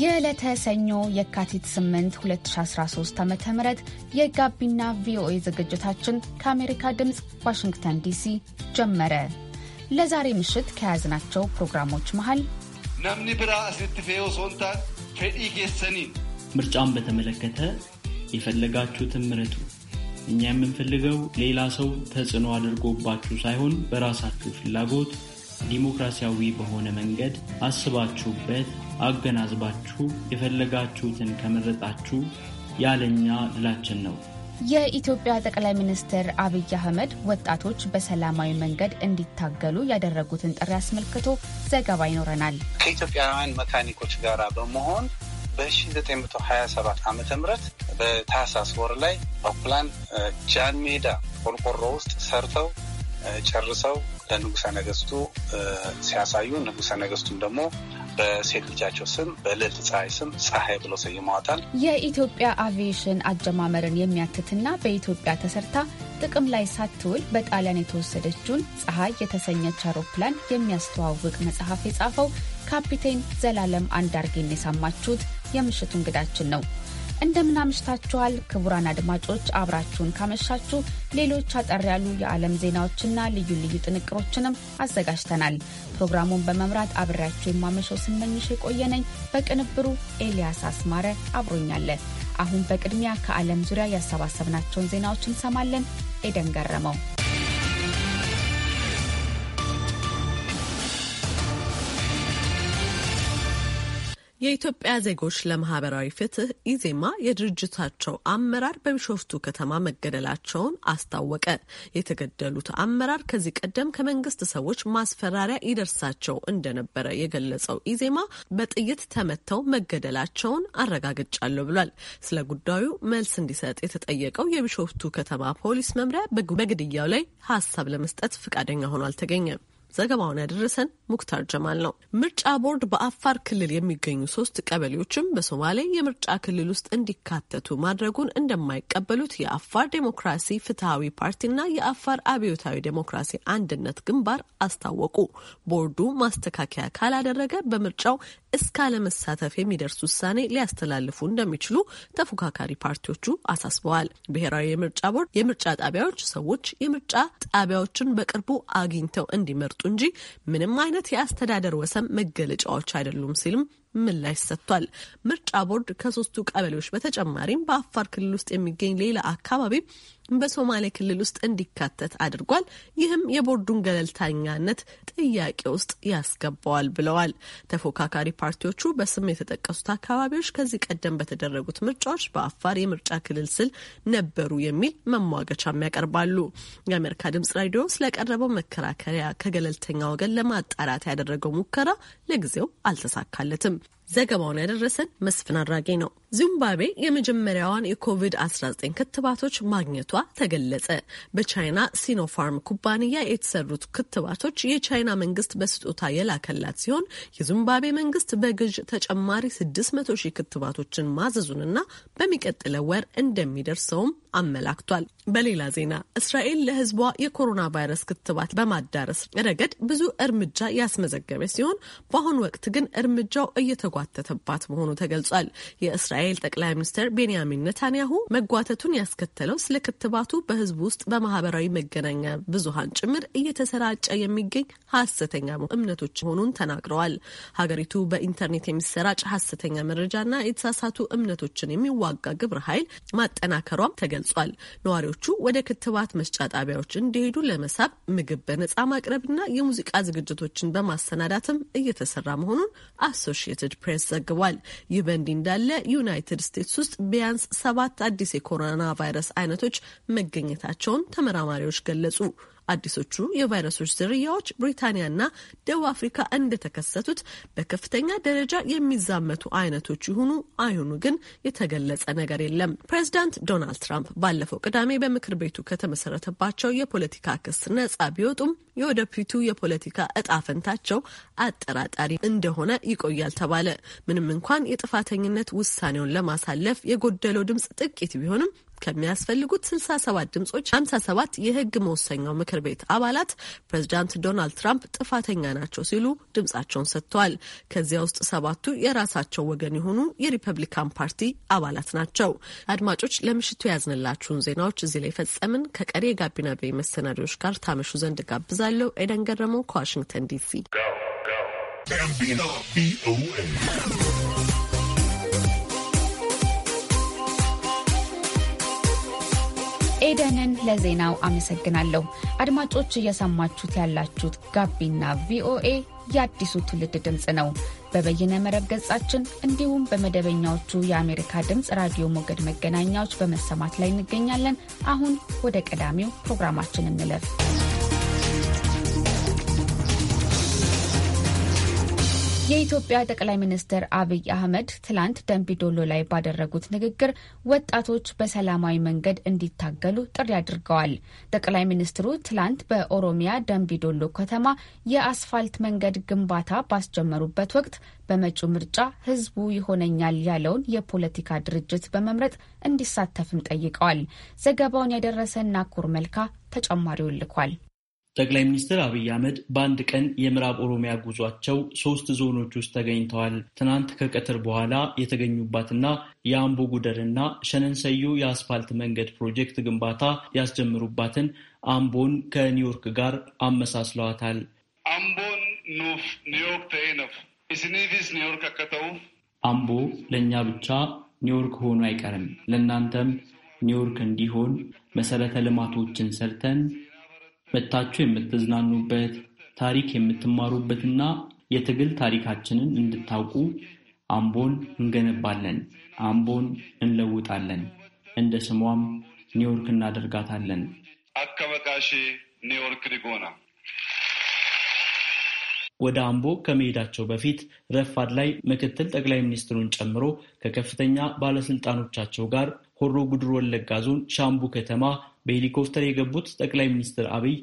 የዕለተ ሰኞ የካቲት 8 2013 ዓ ም የጋቢና ቪኦኤ ዝግጅታችን ከአሜሪካ ድምፅ ዋሽንግተን ዲሲ ጀመረ። ለዛሬ ምሽት ከያዝናቸው ፕሮግራሞች መሃል ናምኒ ብራ አስልትፌዮ ሶንታን ፌዲ ጌሰኒ ምርጫን በተመለከተ የፈለጋችሁትን ምረጡ። እኛ የምንፈልገው ሌላ ሰው ተጽዕኖ አድርጎባችሁ ሳይሆን በራሳችሁ ፍላጎት ዲሞክራሲያዊ በሆነ መንገድ አስባችሁበት አገናዝባችሁ የፈለጋችሁትን ከመረጣችሁ ያለኛ ድላችን ነው። የኢትዮጵያ ጠቅላይ ሚኒስትር አብይ አህመድ ወጣቶች በሰላማዊ መንገድ እንዲታገሉ ያደረጉትን ጥሪ አስመልክቶ ዘገባ ይኖረናል። ከኢትዮጵያውያን መካኒኮች ጋር በመሆን በ1927 ዓ ም በታህሳስ ወር ላይ አውሮፕላን ጃን ሜዳ ቆርቆሮ ውስጥ ሰርተው ጨርሰው ለንጉሰ ነገስቱ ሲያሳዩ ንጉሰ ነገስቱም ደግሞ በሴት ልጃቸው ስም በልዕልት ፀሐይ ስም ፀሐይ ብሎ ሰይመዋታል። የኢትዮጵያ አቪዬሽን አጀማመርን የሚያትትና በኢትዮጵያ ተሰርታ ጥቅም ላይ ሳትውል በጣሊያን የተወሰደችውን ፀሐይ የተሰኘች አውሮፕላን የሚያስተዋውቅ መጽሐፍ የጻፈው ካፒቴን ዘላለም አንዳርጌን የሰማችሁት የምሽቱ እንግዳችን ነው። እንደምናምሽታችኋል ክቡራን አድማጮች፣ አብራችሁን ካመሻችሁ ሌሎች አጠር ያሉ የዓለም ዜናዎችና ልዩ ልዩ ጥንቅሮችንም አዘጋጅተናል። ፕሮግራሙን በመምራት አብሬያችሁ የማመሸው ስመኝሽ የቆየነኝ፣ በቅንብሩ ኤልያስ አስማረ አብሮኛለ። አሁን በቅድሚያ ከዓለም ዙሪያ ያሰባሰብናቸውን ዜናዎች እንሰማለን። ኤደን ገረመው የኢትዮጵያ ዜጎች ለማህበራዊ ፍትህ ኢዜማ የድርጅታቸው አመራር በቢሾፍቱ ከተማ መገደላቸውን አስታወቀ። የተገደሉት አመራር ከዚህ ቀደም ከመንግስት ሰዎች ማስፈራሪያ ይደርሳቸው እንደነበረ የገለጸው ኢዜማ በጥይት ተመተው መገደላቸውን አረጋግጫለሁ ብሏል። ስለ ጉዳዩ መልስ እንዲሰጥ የተጠየቀው የቢሾፍቱ ከተማ ፖሊስ መምሪያ በግድያው ላይ ሀሳብ ለመስጠት ፈቃደኛ ሆኖ አልተገኘም። ዘገባውን ያደረሰን ሙክታር ጀማል ነው። ምርጫ ቦርድ በአፋር ክልል የሚገኙ ሶስት ቀበሌዎችም በሶማሌ የምርጫ ክልል ውስጥ እንዲካተቱ ማድረጉን እንደማይቀበሉት የአፋር ዴሞክራሲ ፍትሐዊ ፓርቲና የአፋር አብዮታዊ ዴሞክራሲ አንድነት ግንባር አስታወቁ። ቦርዱ ማስተካከያ ካላደረገ በምርጫው እስካለመሳተፍ የሚደርስ ውሳኔ ሊያስተላልፉ እንደሚችሉ ተፎካካሪ ፓርቲዎቹ አሳስበዋል። ብሔራዊ የምርጫ ቦርድ የምርጫ ጣቢያዎች ሰዎች የምርጫ ጣቢያዎችን በቅርቡ አግኝተው እንዲመርጡ እንጂ ምንም አይነት የአስተዳደር ወሰን መገለጫዎች አይደሉም ሲልም ምላሽ ሰጥቷል። ምርጫ ቦርድ ከሶስቱ ቀበሌዎች በተጨማሪም በአፋር ክልል ውስጥ የሚገኝ ሌላ አካባቢ በሶማሌ ክልል ውስጥ እንዲካተት አድርጓል። ይህም የቦርዱን ገለልተኛነት ጥያቄ ውስጥ ያስገባዋል ብለዋል። ተፎካካሪ ፓርቲዎቹ በስም የተጠቀሱት አካባቢዎች ከዚህ ቀደም በተደረጉት ምርጫዎች በአፋር የምርጫ ክልል ስል ነበሩ የሚል መሟገቻም ያቀርባሉ። የአሜሪካ ድምጽ ሬዲዮ ስለቀረበው መከራከሪያ ከገለልተኛ ወገን ለማጣራት ያደረገው ሙከራ ለጊዜው አልተሳካለትም። ዘገባውን ያደረሰን መስፍን አድራጌ ነው። ዚምባብዌ የመጀመሪያዋን የኮቪድ-19 ክትባቶች ማግኘቷ ተገለጸ። በቻይና ሲኖፋርም ኩባንያ የተሰሩት ክትባቶች የቻይና መንግስት በስጦታ የላከላት ሲሆን የዚምባብዌ መንግስት በግዥ ተጨማሪ 600 ሺህ ክትባቶችን ማዘዙንና በሚቀጥለው ወር እንደሚደርሰውም አመላክቷል። በሌላ ዜና እስራኤል ለህዝቧ የኮሮና ቫይረስ ክትባት በማዳረስ ረገድ ብዙ እርምጃ ያስመዘገበ ሲሆን በአሁኑ ወቅት ግን እርምጃው እየተጓ የተጓተተባት መሆኑ ተገልጿል። የእስራኤል ጠቅላይ ሚኒስትር ቤንያሚን ነታንያሁ መጓተቱን ያስከተለው ስለ ክትባቱ በህዝብ ውስጥ በማህበራዊ መገናኛ ብዙሃን ጭምር እየተሰራጨ የሚገኝ ሀሰተኛ እምነቶች መሆኑን ተናግረዋል። ሀገሪቱ በኢንተርኔት የሚሰራጭ ሀሰተኛ መረጃና የተሳሳቱ እምነቶችን የሚዋጋ ግብረ ኃይል ማጠናከሯም ተገልጿል። ነዋሪዎቹ ወደ ክትባት መስጫ ጣቢያዎች እንዲሄዱ ለመሳብ ምግብ በነጻ ማቅረብና የሙዚቃ ዝግጅቶችን በማሰናዳትም እየተሰራ መሆኑን አሶሺየትድ ፕሬስ ዘግቧል። ይህ በእንዲህ እንዳለ ዩናይትድ ስቴትስ ውስጥ ቢያንስ ሰባት አዲስ የኮሮና ቫይረስ አይነቶች መገኘታቸውን ተመራማሪዎች ገለጹ። አዲሶቹ የቫይረሶች ዝርያዎች ብሪታንያና ደቡብ አፍሪካ እንደተከሰቱት በከፍተኛ ደረጃ የሚዛመቱ አይነቶች ይሁኑ አይሁኑ ግን የተገለጸ ነገር የለም። ፕሬዚዳንት ዶናልድ ትራምፕ ባለፈው ቅዳሜ በምክር ቤቱ ከተመሰረተባቸው የፖለቲካ ክስ ነጻ ቢወጡም የወደፊቱ የፖለቲካ እጣ ፈንታቸው አጠራጣሪ እንደሆነ ይቆያል ተባለ። ምንም እንኳን የጥፋተኝነት ውሳኔውን ለማሳለፍ የጎደለው ድምጽ ጥቂት ቢሆንም ከሚያስፈልጉት 67 ድምጾች 57 የህግ መወሰኛው ምክር ቤት አባላት ፕሬዚዳንት ዶናልድ ትራምፕ ጥፋተኛ ናቸው ሲሉ ድምጻቸውን ሰጥተዋል። ከዚያ ውስጥ ሰባቱ የራሳቸው ወገን የሆኑ የሪፐብሊካን ፓርቲ አባላት ናቸው። አድማጮች ለምሽቱ ያዝንላችሁን ዜናዎች እዚህ ላይ ፈጸምን። ከቀሪ የጋቢና ቤ መሰናዶዎች ጋር ታመሹ ዘንድ ጋብዛለሁ። ኤደን ገረመው ከዋሽንግተን ዲሲ ኤደንን ለዜናው አመሰግናለሁ። አድማጮች እየሰማችሁት ያላችሁት ጋቢና ቪኦኤ የአዲሱ ትውልድ ድምፅ ነው። በበይነ መረብ ገጻችን እንዲሁም በመደበኛዎቹ የአሜሪካ ድምፅ ራዲዮ ሞገድ መገናኛዎች በመሰማት ላይ እንገኛለን። አሁን ወደ ቀዳሚው ፕሮግራማችን እንለፍ። የኢትዮጵያ ጠቅላይ ሚኒስትር አብይ አህመድ ትላንት ደንቢዶሎ ላይ ባደረጉት ንግግር ወጣቶች በሰላማዊ መንገድ እንዲታገሉ ጥሪ አድርገዋል። ጠቅላይ ሚኒስትሩ ትላንት በኦሮሚያ ደንቢዶሎ ከተማ የአስፋልት መንገድ ግንባታ ባስጀመሩበት ወቅት በመጪው ምርጫ ህዝቡ ይሆነኛል ያለውን የፖለቲካ ድርጅት በመምረጥ እንዲሳተፍም ጠይቀዋል። ዘገባውን ያደረሰ ናኩር መልካ ተጨማሪውን ልኳል። ጠቅላይ ሚኒስትር አብይ አህመድ በአንድ ቀን የምዕራብ ኦሮሚያ ጉዟቸው ሶስት ዞኖች ውስጥ ተገኝተዋል። ትናንት ከቀትር በኋላ የተገኙባትና የአምቦ ጉደርና ሸነንሰዩ የአስፋልት መንገድ ፕሮጀክት ግንባታ ያስጀምሩባትን አምቦን ከኒውዮርክ ጋር አመሳስለዋታል። አምቦን ኑፍ ኒውዮርክ ተይነፍ እስኒቪስ ኒውዮርክ አከተው አምቦ ለእኛ ብቻ ኒውዮርክ ሆኖ አይቀርም፣ ለእናንተም ኒውዮርክ እንዲሆን መሰረተ ልማቶችን ሰርተን መታችሁ የምትዝናኑበት ታሪክ የምትማሩበትና የትግል ታሪካችንን እንድታውቁ አምቦን እንገነባለን፣ አምቦን እንለውጣለን፣ እንደ ስሟም ኒውዮርክ እናደርጋታለን። አከበቃሺ ኒውዮርክ ሪጎና ወደ አምቦ ከመሄዳቸው በፊት ረፋድ ላይ ምክትል ጠቅላይ ሚኒስትሩን ጨምሮ ከከፍተኛ ባለስልጣኖቻቸው ጋር ሆሮ ጉድሮ ወለጋ ዞን ሻምቡ ከተማ በሄሊኮፕተር የገቡት ጠቅላይ ሚኒስትር አብይ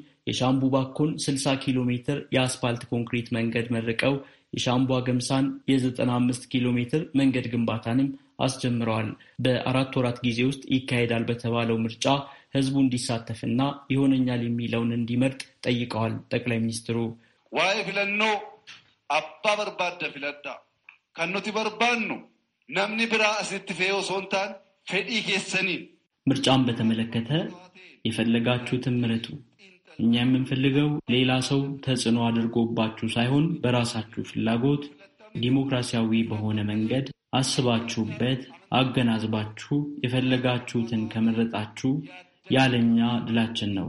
ባኮን 60 ኪሎ ሜትር የአስፋልት ኮንክሪት መንገድ መርቀው የሻምቡ ገምሳን የ95 ኪሎ ሜትር መንገድ ግንባታንም አስጀምረዋል። በአራት ወራት ጊዜ ውስጥ ይካሄዳል በተባለው ምርጫ ህዝቡ እንዲሳተፍና ይሆነኛል የሚለውን እንዲመርጥ ጠይቀዋል። ጠቅላይ ሚኒስትሩ ዋይ ፍለኖ አባ በርባደ ፍለዳ ከኖቲ በርባኑ ነምኒ ብራ አስት ሶንታን ፌዲ ኬሰኒን ምርጫን በተመለከተ የፈለጋችሁትን ምረጡ። እኛ የምንፈልገው ሌላ ሰው ተጽዕኖ አድርጎባችሁ ሳይሆን በራሳችሁ ፍላጎት ዲሞክራሲያዊ በሆነ መንገድ አስባችሁበት አገናዝባችሁ የፈለጋችሁትን ከመረጣችሁ ያለኛ ድላችን ነው።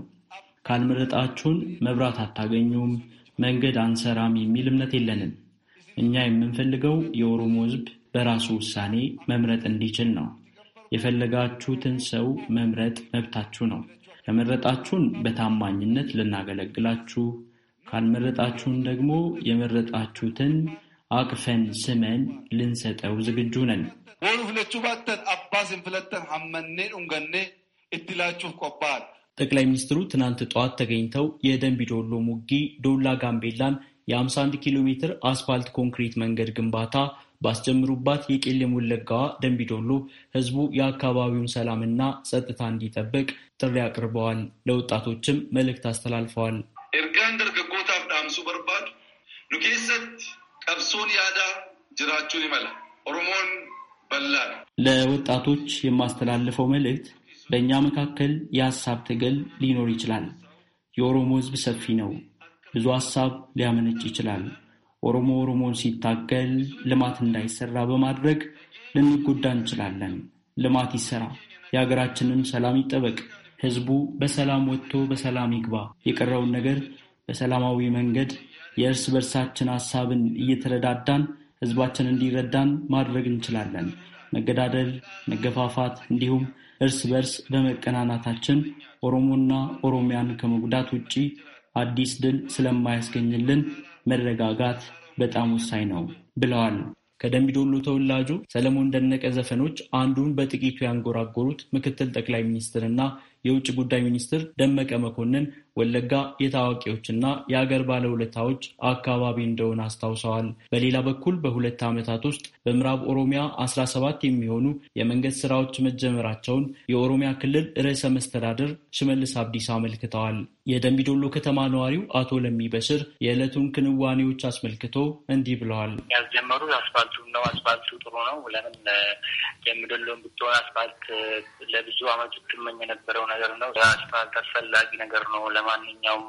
ካልመረጣችሁን መብራት አታገኙም፣ መንገድ አንሰራም የሚል እምነት የለንም። እኛ የምንፈልገው የኦሮሞ ሕዝብ በራሱ ውሳኔ መምረጥ እንዲችል ነው። የፈለጋችሁትን ሰው መምረጥ መብታችሁ ነው። ከመረጣችሁን በታማኝነት ልናገለግላችሁ፣ ካልመረጣችሁን ደግሞ የመረጣችሁትን አቅፈን ስመን ልንሰጠው ዝግጁ ነን። ወን ፍለቹ ባተን አባስን ፍለተን ሐመኔ ዱንገኔ እድላችሁ ቆባል። ጠቅላይ ሚኒስትሩ ትናንት ጠዋት ተገኝተው ዶሎ ሙጊ ዶላ ጋምቤላን የ51 ኪሎ ሜትር አስፋልት ኮንክሪት መንገድ ግንባታ ባስጀምሩባት የቄለም ወለጋዋ ደንቢዶሎ ህዝቡ የአካባቢውን ሰላምና ጸጥታ እንዲጠብቅ ጥሪ አቅርበዋል። ለወጣቶችም መልእክት አስተላልፈዋል። ኤርጋን ደርገጎታፍ ዳምሱ በርባዱ ኑኬሰት ቀብሶን ያዳ ጅራቹን ይመላ ኦሮሞን በላ። ለወጣቶች የማስተላልፈው መልእክት በእኛ መካከል የሀሳብ ትግል ሊኖር ይችላል። የኦሮሞ ህዝብ ሰፊ ነው። ብዙ ሀሳብ ሊያመነጭ ይችላል። ኦሮሞ ኦሮሞን ሲታገል ልማት እንዳይሰራ በማድረግ ልንጎዳ እንችላለን። ልማት ይሰራ፣ የሀገራችንን ሰላም ይጠበቅ፣ ህዝቡ በሰላም ወጥቶ በሰላም ይግባ። የቀረውን ነገር በሰላማዊ መንገድ የእርስ በርሳችን ሀሳብን እየተረዳዳን ህዝባችን እንዲረዳን ማድረግ እንችላለን። መገዳደል፣ መገፋፋት እንዲሁም እርስ በርስ በመቀናናታችን ኦሮሞና ኦሮሚያን ከመጉዳት ውጪ አዲስ ድል ስለማያስገኝልን መረጋጋት በጣም ወሳኝ ነው ብለዋል። ከደምቢዶሎ ተወላጁ ሰለሞን ደነቀ ዘፈኖች አንዱን በጥቂቱ ያንጎራጎሩት ምክትል ጠቅላይ ሚኒስትርና የውጭ ጉዳይ ሚኒስትር ደመቀ መኮንን ወለጋ የታዋቂዎችና የአገር ባለውለታዎች አካባቢ እንደሆነ አስታውሰዋል። በሌላ በኩል በሁለት ዓመታት ውስጥ በምዕራብ ኦሮሚያ 17 የሚሆኑ የመንገድ ስራዎች መጀመራቸውን የኦሮሚያ ክልል ርዕሰ መስተዳድር ሽመልስ አብዲስ አመልክተዋል። የደንቢዶሎ ከተማ ነዋሪው አቶ ለሚ በሽር የዕለቱን ክንዋኔዎች አስመልክቶ እንዲህ ብለዋል። ያስጀመሩ አስፋልቱ ነው። አስፋልቱ ጥሩ ነው። ለምን ደንቢዶሎ ብትሆን አስፋልት ለብዙ ዓመት ትመኝ የነበረው ነገር ነው። አስፋልት አስፈላጊ ነገር ነው ለማንኛውም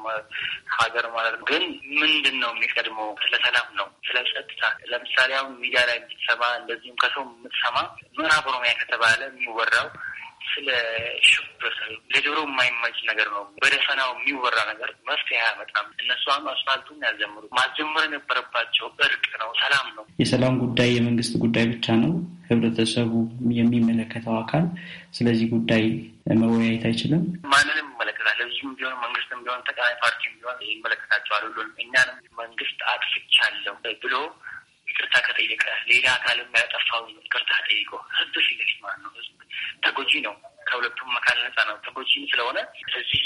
ሀገር ማለት ነው። ግን ምንድን ነው የሚቀድመው? ስለ ሰላም ነው፣ ስለ ጸጥታ። ለምሳሌ አሁን ሚዲያ ላይ የምትሰማ እንደዚሁም ከሰው የምትሰማ ምዕራብ ኦሮሚያ ከተባለ የሚወራው ስለ ሽብር ለጆሮ የማይመች ነገር ነው። በደፈናው የሚወራ ነገር መፍትሄ አያመጣም። እነሱ አሁን አስፋልቱን ያዘምሩ። ማስጀመር የነበረባቸው እርቅ ነው፣ ሰላም ነው። የሰላም ጉዳይ የመንግስት ጉዳይ ብቻ ነው። ህብረተሰቡ የሚመለከተው አካል ስለዚህ ጉዳይ መወያየት አይችልም? ማንንም ይመለከታል። ህዝቡም ቢሆን መንግስትም ቢሆን ተቃዋሚ ፓርቲም ቢሆን ይመለከታቸዋል። ሁሉንም እኛንም መንግስት አጥፍቻለሁ ብሎ ይቅርታ ከጠየቀ ሌላ አካል የሚያጠፋው ይቅርታ ጠይቆ ህዝብ ፊት ለፊት ማለት ነው። ህዝብ ተጎጂ ነው። ከሁለቱም መካል ነጻ ነው። ተጎጂም ስለሆነ እዚህ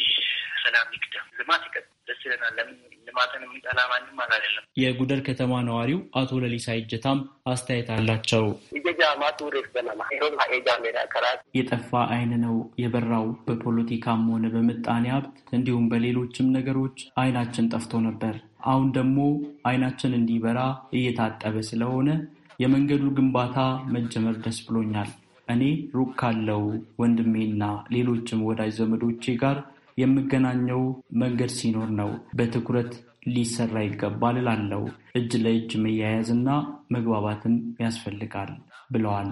ሰላም ይቅደም፣ ልማት ይቀጥል፣ ደስ ይለናል። ለምን ልማትን የሚጠላ ማንም አይደለም። የጉደር ከተማ ነዋሪው አቶ ለሊሳ እጀታም አስተያየት አላቸው። የጠፋ አይን ነው የበራው። በፖለቲካም ሆነ በምጣኔ ሀብት እንዲሁም በሌሎችም ነገሮች አይናችን ጠፍቶ ነበር። አሁን ደግሞ አይናችን እንዲበራ እየታጠበ ስለሆነ የመንገዱ ግንባታ መጀመር ደስ ብሎኛል። እኔ ሩቅ ካለው ወንድሜና ሌሎችም ወዳጅ ዘመዶቼ ጋር የምገናኘው መንገድ ሲኖር ነው በትኩረት ሊሰራ ይገባል እላለሁ። እጅ ለእጅ መያያዝና መግባባትም ያስፈልጋል ብለዋል።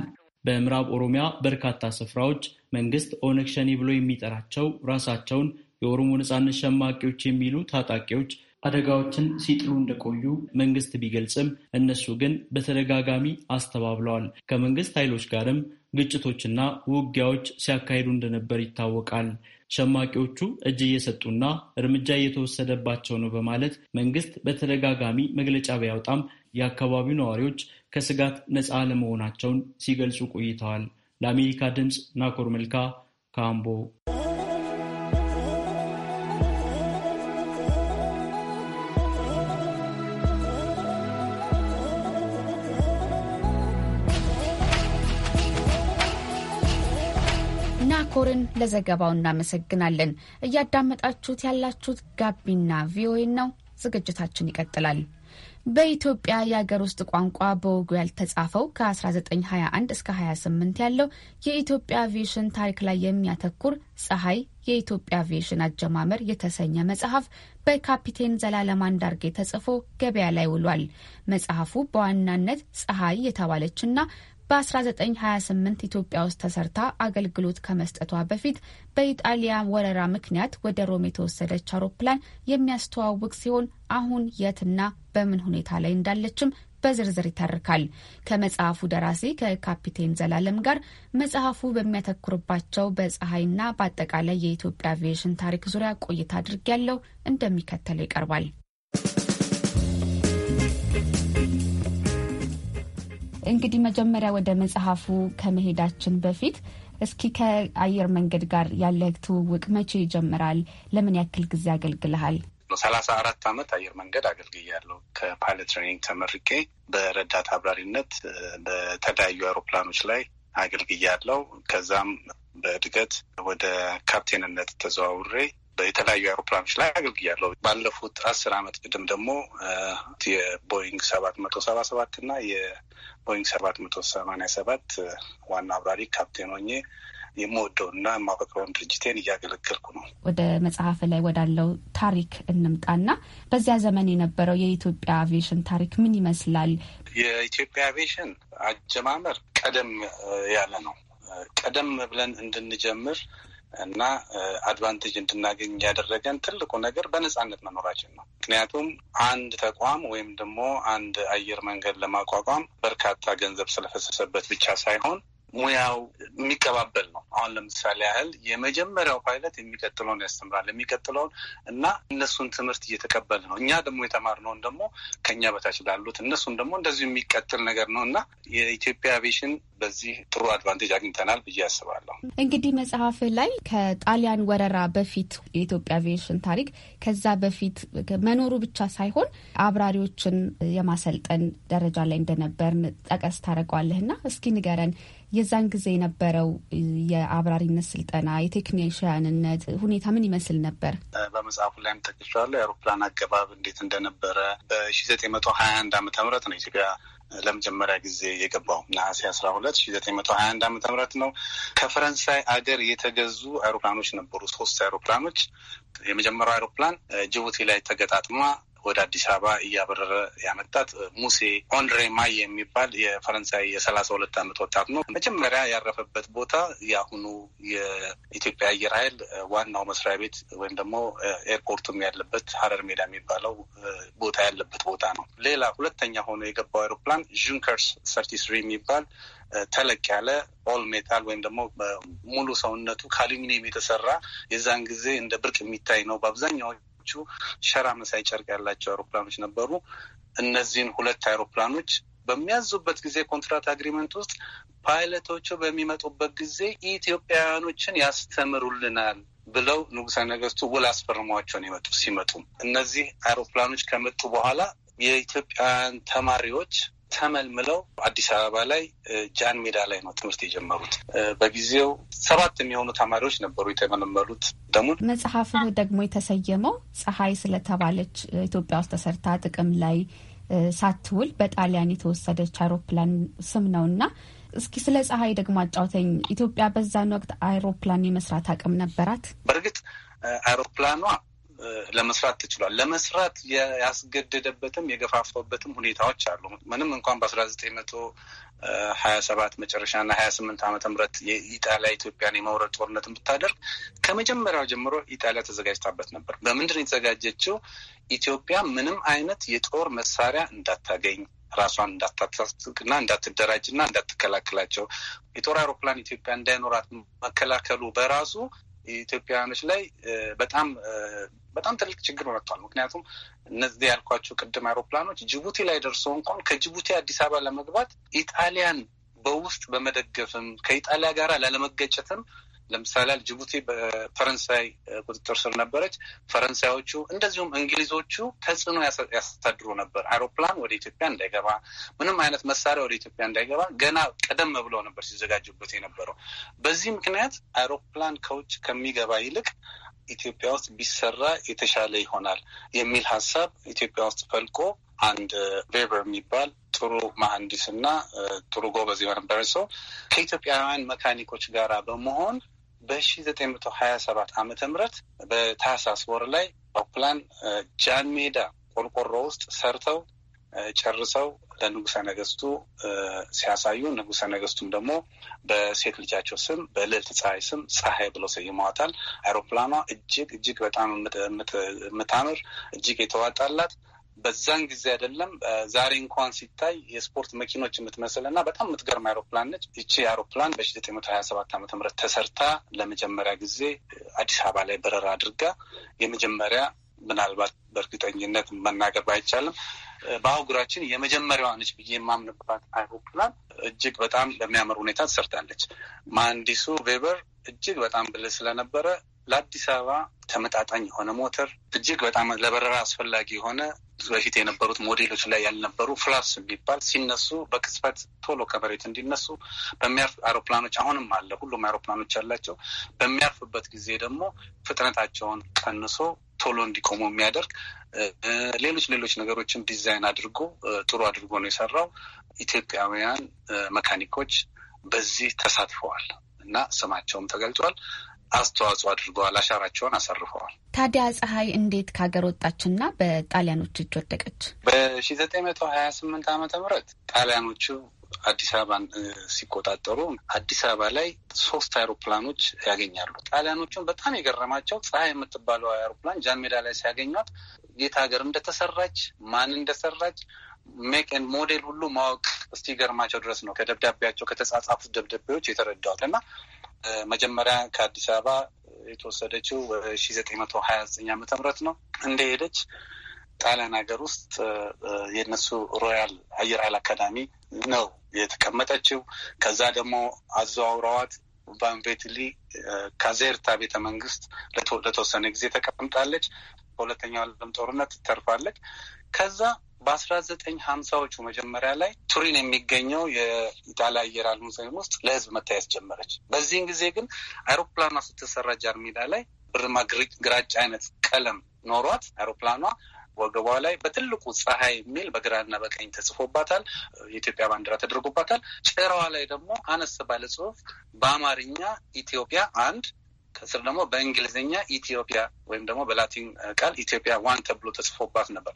በምዕራብ ኦሮሚያ በርካታ ስፍራዎች መንግስት ኦነግ ሸኔ ብሎ የሚጠራቸው ራሳቸውን የኦሮሞ ነፃነት ሸማቂዎች የሚሉ ታጣቂዎች አደጋዎችን ሲጥሉ እንደቆዩ መንግስት ቢገልጽም እነሱ ግን በተደጋጋሚ አስተባብለዋል። ከመንግስት ኃይሎች ጋርም ግጭቶችና ውጊያዎች ሲያካሂዱ እንደነበር ይታወቃል። ሸማቂዎቹ እጅ እየሰጡና እርምጃ እየተወሰደባቸው ነው በማለት መንግስት በተደጋጋሚ መግለጫ ቢያወጣም የአካባቢው ነዋሪዎች ከስጋት ነፃ ለመሆናቸውን ሲገልጹ ቆይተዋል። ለአሜሪካ ድምፅ ናኮር መልካ ካምቦ ኮርን ለዘገባው እናመሰግናለን። እያዳመጣችሁት ያላችሁት ጋቢና ቪኦኤ ነው። ዝግጅታችን ይቀጥላል። በኢትዮጵያ የአገር ውስጥ ቋንቋ በወጉ ያልተጻፈው ከ1921 እስከ 28 ያለው የኢትዮጵያ አቪዬሽን ታሪክ ላይ የሚያተኩር ፀሐይ የኢትዮጵያ አቪዬሽን አጀማመር የተሰኘ መጽሐፍ በካፒቴን ዘላለም አንዳርጌ ተጽፎ ገበያ ላይ ውሏል። መጽሐፉ በዋናነት ፀሐይ የተባለችና በ1928 ኢትዮጵያ ውስጥ ተሰርታ አገልግሎት ከመስጠቷ በፊት በኢጣሊያ ወረራ ምክንያት ወደ ሮም የተወሰደች አውሮፕላን የሚያስተዋውቅ ሲሆን አሁን የትና በምን ሁኔታ ላይ እንዳለችም በዝርዝር ይተርካል። ከመጽሐፉ ደራሲ ከካፒቴን ዘላለም ጋር መጽሐፉ በሚያተኩርባቸው በፀሐይና በአጠቃላይ የኢትዮጵያ አቪዬሽን ታሪክ ዙሪያ ቆይታ አድርጌያለሁ። እንደሚከተለው ይቀርባል። እንግዲህ መጀመሪያ ወደ መጽሐፉ ከመሄዳችን በፊት እስኪ ከአየር መንገድ ጋር ያለህ ትውውቅ መቼ ይጀምራል? ለምን ያክል ጊዜ አገልግልሃል? ሰላሳ አራት ዓመት አየር መንገድ አገልግያለሁ። ከፓይለት ትሬኒንግ ተመርቄ በረዳት አብራሪነት በተለያዩ አውሮፕላኖች ላይ አገልግያለሁ። ከዛም በእድገት ወደ ካፕቴንነት ተዘዋውሬ የተለያዩ አውሮፕላኖች ላይ አገልግያለሁ። ባለፉት አስር አመት ቅድም ደግሞ የቦይንግ ሰባት መቶ ሰባ ሰባት እና የቦይንግ ሰባት መቶ ሰማኒያ ሰባት ዋና አብራሪ ካፕቴን ሆኜ እና የማፈቅረውን ድርጅቴን እያገለገልኩ ነው። ወደ መጽሐፍ ላይ ወዳለው ታሪክ እንምጣና በዚያ ዘመን የነበረው የኢትዮጵያ አቪዬሽን ታሪክ ምን ይመስላል? የኢትዮጵያ አቪዬሽን አጀማመር ቀደም ያለ ነው። ቀደም ብለን እንድንጀምር እና አድቫንቴጅ እንድናገኝ ያደረገን ትልቁ ነገር በነፃነት መኖራችን ነው። ምክንያቱም አንድ ተቋም ወይም ደግሞ አንድ አየር መንገድ ለማቋቋም በርካታ ገንዘብ ስለፈሰሰበት ብቻ ሳይሆን ሙያው የሚቀባበል ነው። አሁን ለምሳሌ ያህል የመጀመሪያው ፓይለት የሚቀጥለውን ያስተምራል የሚቀጥለውን እና እነሱን ትምህርት እየተቀበል ነው። እኛ ደግሞ የተማርነውን ደግሞ ከኛ በታች ላሉት እነሱን ደግሞ እንደዚሁ የሚቀጥል ነገር ነው እና የኢትዮጵያ አቪሽን በዚህ ጥሩ አድቫንቴጅ አግኝተናል ብዬ አስባለሁ። እንግዲህ መጽሐፍ ላይ ከጣሊያን ወረራ በፊት የኢትዮጵያ አቪዬሽን ታሪክ ከዛ በፊት መኖሩ ብቻ ሳይሆን አብራሪዎችን የማሰልጠን ደረጃ ላይ እንደነበር ጠቀስ ታደርገዋለህ እና እስኪ ንገረን የዛን ጊዜ የነበረው የአብራሪነት ስልጠና የቴክኒሽያንነት ሁኔታ ምን ይመስል ነበር? በመጽሐፉ ላይም ጠቅሻለሁ። የአውሮፕላን አገባብ እንዴት እንደነበረ በሺ ዘጠኝ መቶ ሀያ አንድ ዓመተ ምህረት ነው ኢትዮጵያ ለመጀመሪያ ጊዜ የገባው ነሐሴ አስራ ሁለት ሺ ዘጠኝ መቶ ሀያ አንድ ዓመተ ምህረት ነው። ከፈረንሳይ አገር የተገዙ አይሮፕላኖች ነበሩ፣ ሶስት አይሮፕላኖች። የመጀመሪያው አይሮፕላን ጅቡቲ ላይ ተገጣጥማ ወደ አዲስ አበባ እያበረረ ያመጣት ሙሴ ኦንድሬ ማይ የሚባል የፈረንሳይ የሰላሳ ሁለት ዓመት ወጣት ነው። መጀመሪያ ያረፈበት ቦታ የአሁኑ የኢትዮጵያ አየር ኃይል ዋናው መስሪያ ቤት ወይም ደግሞ ኤርፖርቱም ያለበት ሀረር ሜዳ የሚባለው ቦታ ያለበት ቦታ ነው። ሌላ ሁለተኛ ሆኖ የገባው አውሮፕላን ዥንከርስ ሰርቲስሪ የሚባል ተለቅ ያለ ኦል ሜታል ወይም ደግሞ ሙሉ ሰውነቱ ከአሉሚኒየም የተሰራ የዛን ጊዜ እንደ ብርቅ የሚታይ ነው በአብዛኛው ሸራ መሳይ ጨርቅ ያላቸው አውሮፕላኖች ነበሩ። እነዚህን ሁለት አውሮፕላኖች በሚያዙበት ጊዜ ኮንትራት አግሪመንት ውስጥ ፓይለቶቹ በሚመጡበት ጊዜ ኢትዮጵያውያኖችን ያስተምሩልናል ብለው ንጉሠ ነገስቱ ውል አስፈርሟቸውን ይመጡ ሲመጡ እነዚህ አውሮፕላኖች ከመጡ በኋላ የኢትዮጵያውያን ተማሪዎች ተመልምለው አዲስ አበባ ላይ ጃን ሜዳ ላይ ነው ትምህርት የጀመሩት። በጊዜው ሰባት የሚሆኑ ተማሪዎች ነበሩ የተመለመሉት። ደሙን መጽሐፍህ ደግሞ የተሰየመው ፀሐይ ስለተባለች ኢትዮጵያ ውስጥ ተሰርታ ጥቅም ላይ ሳትውል በጣሊያን የተወሰደች አውሮፕላን ስም ነው እና እስኪ ስለ ፀሐይ ደግሞ አጫውተኝ። ኢትዮጵያ በዛን ወቅት አይሮፕላን የመስራት አቅም ነበራት? በእርግጥ አይሮፕላኗ ለመስራት ትችሏል። ለመስራት ያስገደደበትም የገፋፋበትም ሁኔታዎች አሉ። ምንም እንኳን በአስራ ዘጠኝ መቶ ሀያ ሰባት መጨረሻና ሀያ ስምንት ዓመተ ምህረት የኢጣሊያ ኢትዮጵያን የመውረድ ጦርነትን ብታደርግ ከመጀመሪያው ጀምሮ ኢጣሊያ ተዘጋጅታበት ነበር። በምንድን ነው የተዘጋጀችው? ኢትዮጵያ ምንም አይነት የጦር መሳሪያ እንዳታገኝ ራሷን እንዳታታጥቅና እንዳትደራጅና እንዳትከላከላቸው የጦር አውሮፕላን ኢትዮጵያ እንዳይኖራት መከላከሉ በራሱ ኢትዮጵያውያኖች ላይ በጣም በጣም ትልቅ ችግር መጥቷል። ምክንያቱም እነዚህ ያልኳቸው ቅድም አይሮፕላኖች ጅቡቲ ላይ ደርሶ እንኳን ከጅቡቲ አዲስ አበባ ለመግባት ኢጣሊያን በውስጥ በመደገፍም ከኢጣሊያ ጋር ላለመገጨትም ለምሳሌ ጅቡቲ በፈረንሳይ ቁጥጥር ስር ነበረች። ፈረንሳዮቹ እንደዚሁም እንግሊዞቹ ተጽዕኖ ያሳድሩ ነበር። አይሮፕላን ወደ ኢትዮጵያ እንዳይገባ፣ ምንም አይነት መሳሪያ ወደ ኢትዮጵያ እንዳይገባ ገና ቀደም ብለው ነበር ሲዘጋጁበት የነበረው። በዚህ ምክንያት አይሮፕላን ከውጭ ከሚገባ ይልቅ ኢትዮጵያ ውስጥ ቢሰራ የተሻለ ይሆናል የሚል ሀሳብ ኢትዮጵያ ውስጥ ፈልቆ አንድ ቬበር የሚባል ጥሩ መሀንዲስ እና ጥሩ ጎበዝ የነበረ ሰው ከኢትዮጵያውያን መካኒኮች ጋር በመሆን በ1927 ዓመተ ምህረት በታህሳስ ወር ላይ አውሮፕላን ጃን ሜዳ ቆርቆሮ ውስጥ ሰርተው ጨርሰው ለንጉሰ ነገስቱ ሲያሳዩ ንጉሰ ነገስቱም ደግሞ በሴት ልጃቸው ስም በልዕልት ፀሐይ ስም ፀሐይ ብለው ሰይመዋታል። አይሮፕላኗ እጅግ እጅግ በጣም የምታምር እጅግ የተዋጣላት በዛን ጊዜ አይደለም ዛሬ እንኳን ሲታይ የስፖርት መኪኖች የምትመስል እና በጣም የምትገርም አይሮፕላን ነች። ይቺ አይሮፕላን በሺ ዘጠኝ መቶ ሀያ ሰባት ዓመተ ምህረት ተሰርታ ለመጀመሪያ ጊዜ አዲስ አበባ ላይ በረራ አድርጋ የመጀመሪያ ምናልባት በእርግጠኝነት መናገር ባይቻልም በአህጉራችን የመጀመሪያዋ ነች ብዬ የማምንባት አይሮፕላን እጅግ በጣም በሚያምር ሁኔታ ተሰርታለች። መሐንዲሱ ቬበር እጅግ በጣም ብልህ ስለነበረ ለአዲስ አበባ ተመጣጣኝ የሆነ ሞተር እጅግ በጣም ለበረራ አስፈላጊ የሆነ በፊት የነበሩት ሞዴሎች ላይ ያልነበሩ ፍላፕስ የሚባል ሲነሱ በቅጽበት ቶሎ ከመሬት እንዲነሱ በሚያርፍ አውሮፕላኖች አሁንም አለ። ሁሉም አውሮፕላኖች ያላቸው በሚያርፍበት ጊዜ ደግሞ ፍጥነታቸውን ቀንሶ ቶሎ እንዲቆሙ የሚያደርግ ሌሎች ሌሎች ነገሮችን ዲዛይን አድርጎ ጥሩ አድርጎ ነው የሰራው። ኢትዮጵያውያን መካኒኮች በዚህ ተሳትፈዋል እና ስማቸውም ተገልጿል። አስተዋጽኦ አድርገዋል፣ አሻራቸውን አሰርፈዋል። ታዲያ ፀሐይ እንዴት ከሀገር ወጣችና በጣሊያኖች እጅ ወደቀች? በሺ ዘጠኝ መቶ ሀያ ስምንት ዓመተ ምህረት ጣሊያኖቹ አዲስ አበባን ሲቆጣጠሩ አዲስ አበባ ላይ ሶስት አይሮፕላኖች ያገኛሉ። ጣሊያኖቹን በጣም የገረማቸው ፀሐይ የምትባለው አይሮፕላን ጃን ሜዳ ላይ ሲያገኟት የት ሀገር እንደተሰራች ማን እንደሰራች ሜክ ኤንድ ሞዴል ሁሉ ማወቅ እስኪገርማቸው ድረስ ነው ከደብዳቤያቸው ከተጻጻፉት ደብዳቤዎች የተረዳዋት እና መጀመሪያ ከአዲስ አበባ የተወሰደችው ሺ ዘጠኝ መቶ ሀያ ዘጠኝ አመተ ምህረት ነው እንደሄደች ጣሊያን ሀገር ውስጥ የነሱ ሮያል አየር ኃይል አካዳሚ ነው የተቀመጠችው። ከዛ ደግሞ አዘዋውረዋት ቫንቬትሊ ካዜርታ ቤተ መንግስት ለተወሰነ ጊዜ ተቀምጣለች። በሁለተኛው ዓለም ጦርነት ተርፋለች። ከዛ በአስራ ዘጠኝ ሀምሳዎቹ መጀመሪያ ላይ ቱሪን የሚገኘው የኢጣሊያ አየር ሙዚየም ውስጥ ለህዝብ መታየት ጀመረች። በዚህን ጊዜ ግን አይሮፕላኗ ስትሰራ ጃርሜዳ ላይ ብርማ ግራጫ አይነት ቀለም ኖሯት አይሮፕላኗ ወገቧ ላይ በትልቁ ፀሐይ የሚል በግራና በቀኝ ተጽፎባታል። የኢትዮጵያ ባንዲራ ተደርጎባታል። ጭራዋ ላይ ደግሞ አነስ ባለ ጽሁፍ በአማርኛ ኢትዮጵያ አንድ ከስር ደግሞ በእንግሊዝኛ ኢትዮጵያ ወይም ደግሞ በላቲን ቃል ኢትዮጵያ ዋን ተብሎ ተጽፎባት ነበር።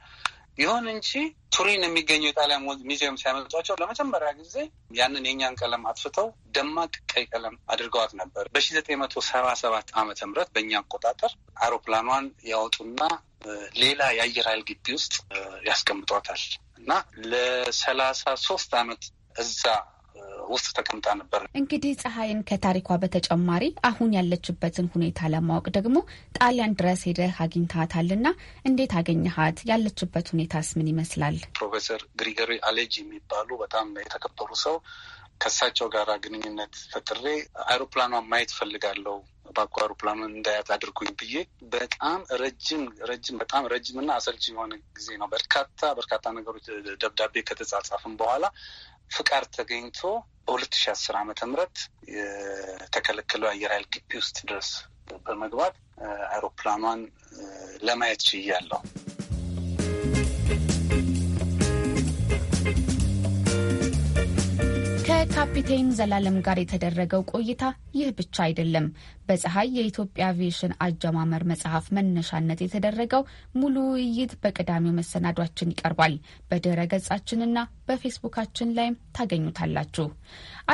ይሁን እንጂ ቱሪን የሚገኘው የጣሊያን ሙዚየም ሲያመጧቸው ለመጀመሪያ ጊዜ ያንን የእኛን ቀለም አጥፍተው ደማቅ ቀይ ቀለም አድርገዋት ነበር። በሺ ዘጠኝ መቶ ሰባ ሰባት ዓመተ ምህረት በእኛ አቆጣጠር አውሮፕላኗን ያወጡና ሌላ የአየር ኃይል ግቢ ውስጥ ያስቀምጧታል እና ለሰላሳ ሶስት ዓመት እዛ ውስጥ ተቀምጣ ነበር። እንግዲህ ፀሐይን ከታሪኳ በተጨማሪ አሁን ያለችበትን ሁኔታ ለማወቅ ደግሞ ጣሊያን ድረስ ሄደህ አግኝተሃታል እንዴት አገኘሃት? ያለችበት ሁኔታስ ምን ይመስላል? ፕሮፌሰር ግሪገሪ አሌጅ የሚባሉ በጣም የተከበሩ ሰው ከእሳቸው ጋር ግንኙነት ፈጥሬ አይሮፕላኗን ማየት ፈልጋለሁ ባኮ አይሮፕላኗን እንዳያት አድርጉኝ ብዬ በጣም ረጅም ረጅም በጣም ረጅም እና አሰልች የሆነ ጊዜ ነው። በርካታ በርካታ ነገሮች ደብዳቤ ከተጻጻፍም በኋላ ፍቃድ ተገኝቶ በሁለት ሺ አስር ዓመተ ምህረት የተከለከለው አየር ኃይል ግቢ ውስጥ ድረስ በመግባት አይሮፕላኗን ለማየት ችያለሁ። ካፒቴን ዘላለም ጋር የተደረገው ቆይታ ይህ ብቻ አይደለም። በፀሐይ የኢትዮጵያ አቪዬሽን አጀማመር መጽሐፍ መነሻነት የተደረገው ሙሉ ውይይት በቅዳሜው መሰናዷችን ይቀርባል። በድረ ገጻችንና በፌስቡካችን ላይም ታገኙታላችሁ።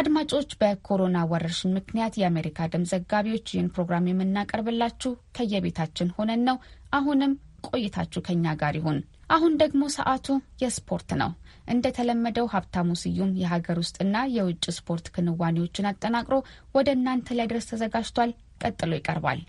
አድማጮች፣ በኮሮና ወረርሽኝ ምክንያት የአሜሪካ ድምፅ ዘጋቢዎች ይህን ፕሮግራም የምናቀርብላችሁ ከየቤታችን ሆነን ነው። አሁንም ቆይታችሁ ከኛ ጋር ይሁን። አሁን ደግሞ ሰዓቱ የስፖርት ነው። እንደተለመደው ሀብታሙ ስዩም የሀገር ውስጥና የውጭ ስፖርት ክንዋኔዎችን አጠናቅሮ ወደ እናንተ ሊያደርስ ተዘጋጅቷል። ቀጥሎ ይቀርባል።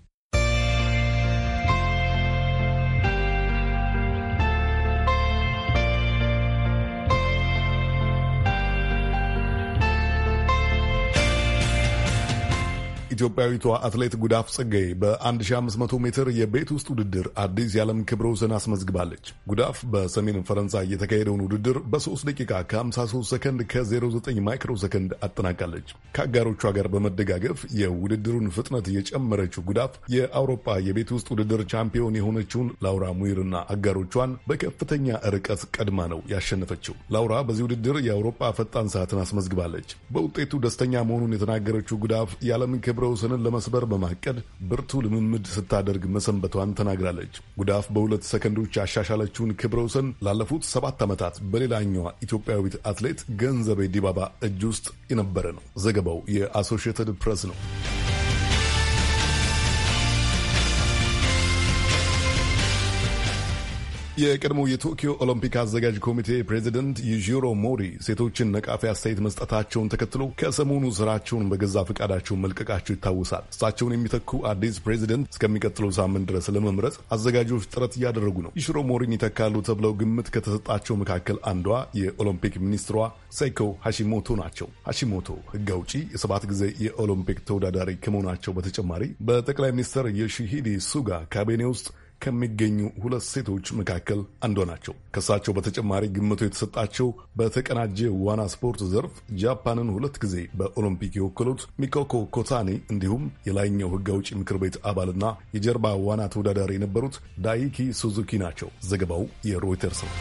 ኢትዮጵያዊቷ አትሌት ጉዳፍ ጸጋይ በ1500 ሜትር የቤት ውስጥ ውድድር አዲስ የዓለም ክብረ ወሰን አስመዝግባለች። ጉዳፍ በሰሜን ፈረንሳይ የተካሄደውን ውድድር በ3 ደቂቃ ከ53 ሰከንድ ከ09 ማይክሮ ሰከንድ አጠናቃለች። ከአጋሮቿ ጋር በመደጋገፍ የውድድሩን ፍጥነት የጨመረችው ጉዳፍ የአውሮፓ የቤት ውስጥ ውድድር ቻምፒዮን የሆነችውን ላውራ ሙይርና አጋሮቿን በከፍተኛ ርቀት ቀድማ ነው ያሸነፈችው። ላውራ በዚህ ውድድር የአውሮፓ ፈጣን ሰዓትን አስመዝግባለች። በውጤቱ ደስተኛ መሆኑን የተናገረችው ጉዳፍ የዓለም ክብረ ቀውስንን ለመስበር በማቀድ ብርቱ ልምምድ ስታደርግ መሰንበቷን ተናግራለች። ጉዳፍ በሁለት ሰከንዶች ያሻሻለችውን ክብረ ወሰን ላለፉት ሰባት ዓመታት በሌላኛዋ ኢትዮጵያዊት አትሌት ገንዘቤ ዲባባ እጅ ውስጥ የነበረ ነው። ዘገባው የአሶሺየትድ ፕሬስ ነው። የቀድሞው የቶኪዮ ኦሎምፒክ አዘጋጅ ኮሚቴ ፕሬዚደንት ዩዥሮ ሞሪ ሴቶችን ነቃፊ አስተያየት መስጠታቸውን ተከትሎ ከሰሞኑ ስራቸውን በገዛ ፈቃዳቸው መልቀቃቸው ይታወሳል። እሳቸውን የሚተኩ አዲስ ፕሬዚደንት እስከሚቀጥለው ሳምንት ድረስ ለመምረጥ አዘጋጆች ጥረት እያደረጉ ነው። ዩሽሮ ሞሪን ይተካሉ ተብለው ግምት ከተሰጣቸው መካከል አንዷ የኦሎምፒክ ሚኒስትሯ ሳይኮ ሀሺሞቶ ናቸው። ሀሺሞቶ ሕግ አውጪ፣ የሰባት ጊዜ የኦሎምፒክ ተወዳዳሪ ከመሆናቸው በተጨማሪ በጠቅላይ ሚኒስትር ዮሺሂዴ ሱጋ ካቢኔ ውስጥ ከሚገኙ ሁለት ሴቶች መካከል አንዷ ናቸው። ከእሳቸው በተጨማሪ ግምቱ የተሰጣቸው በተቀናጀ ዋና ስፖርት ዘርፍ ጃፓንን ሁለት ጊዜ በኦሎምፒክ የወከሉት ሚኮኮ ኮታኒ እንዲሁም የላይኛው ሕግ አውጪ ምክር ቤት አባልና የጀርባ ዋና ተወዳዳሪ የነበሩት ዳይኪ ሱዙኪ ናቸው። ዘገባው የሮይተርስ ነው።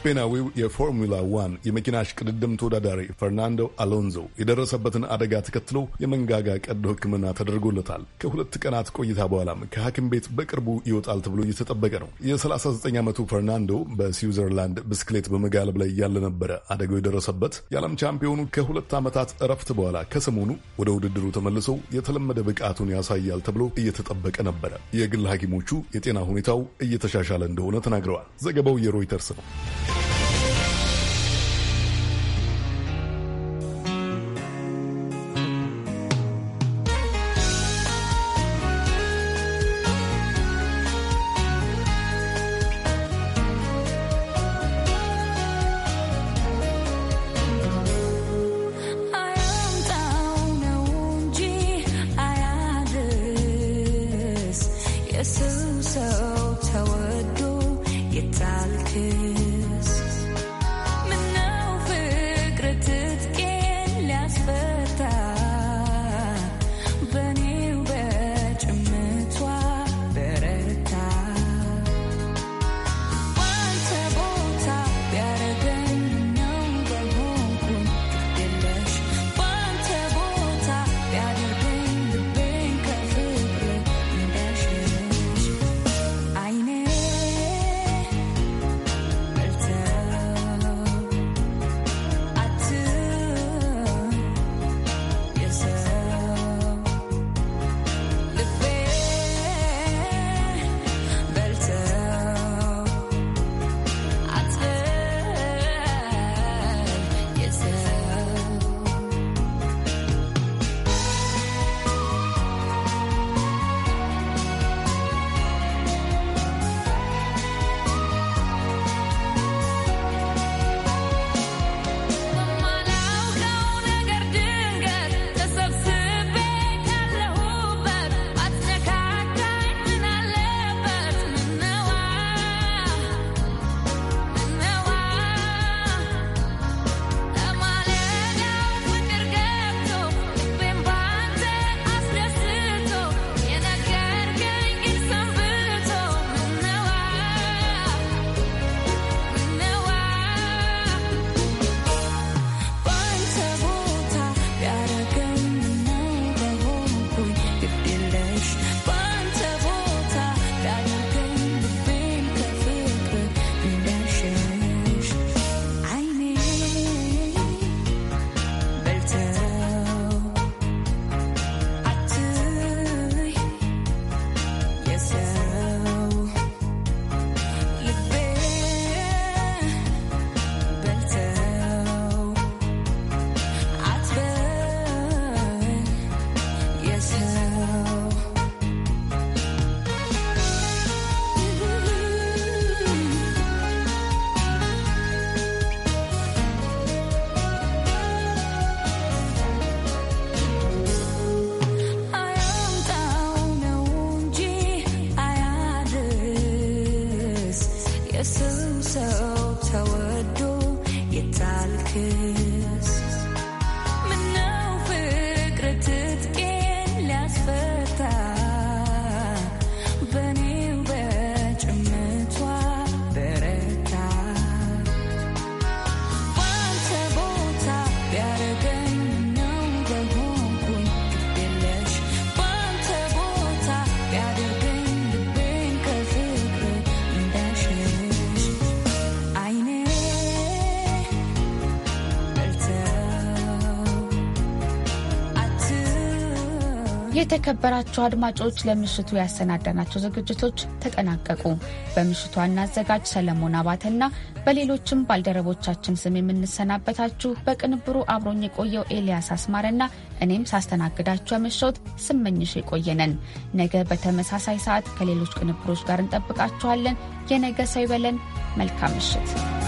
ስፔናዊው የፎርሙላ ዋን የመኪና ቅድድም ተወዳዳሪ ፈርናንዶ አሎንዞ የደረሰበትን አደጋ ተከትሎ የመንጋጋ ቀዶ ሕክምና ተደርጎለታል። ከሁለት ቀናት ቆይታ በኋላም ከሐኪም ቤት በቅርቡ ይወጣል ተብሎ እየተጠበቀ ነው። የ39 ዓመቱ ፈርናንዶ በስዊዘርላንድ ብስክሌት በመጋለብ ላይ እያለ ነበረ አደጋው የደረሰበት። የዓለም ቻምፒዮኑ ከሁለት ዓመታት እረፍት በኋላ ከሰሞኑ ወደ ውድድሩ ተመልሶ የተለመደ ብቃቱን ያሳያል ተብሎ እየተጠበቀ ነበረ። የግል ሐኪሞቹ የጤና ሁኔታው እየተሻሻለ እንደሆነ ተናግረዋል። ዘገባው የሮይተርስ ነው። የተከበራቸው አድማጮች ለምሽቱ ያሰናዳናቸው ዝግጅቶች ተጠናቀቁ። በምሽቱ ዋና አዘጋጅ ሰለሞን አባተና በሌሎችም ባልደረቦቻችን ስም የምንሰናበታችሁ በቅንብሩ አብሮኝ የቆየው ኤልያስ አስማረና እኔም ሳስተናግዳችሁ ያመሸሁት ስመኝሽ የቆየነን። ነገ በተመሳሳይ ሰዓት ከሌሎች ቅንብሮች ጋር እንጠብቃችኋለን። የነገ ሰው ይበለን። መልካም ምሽት።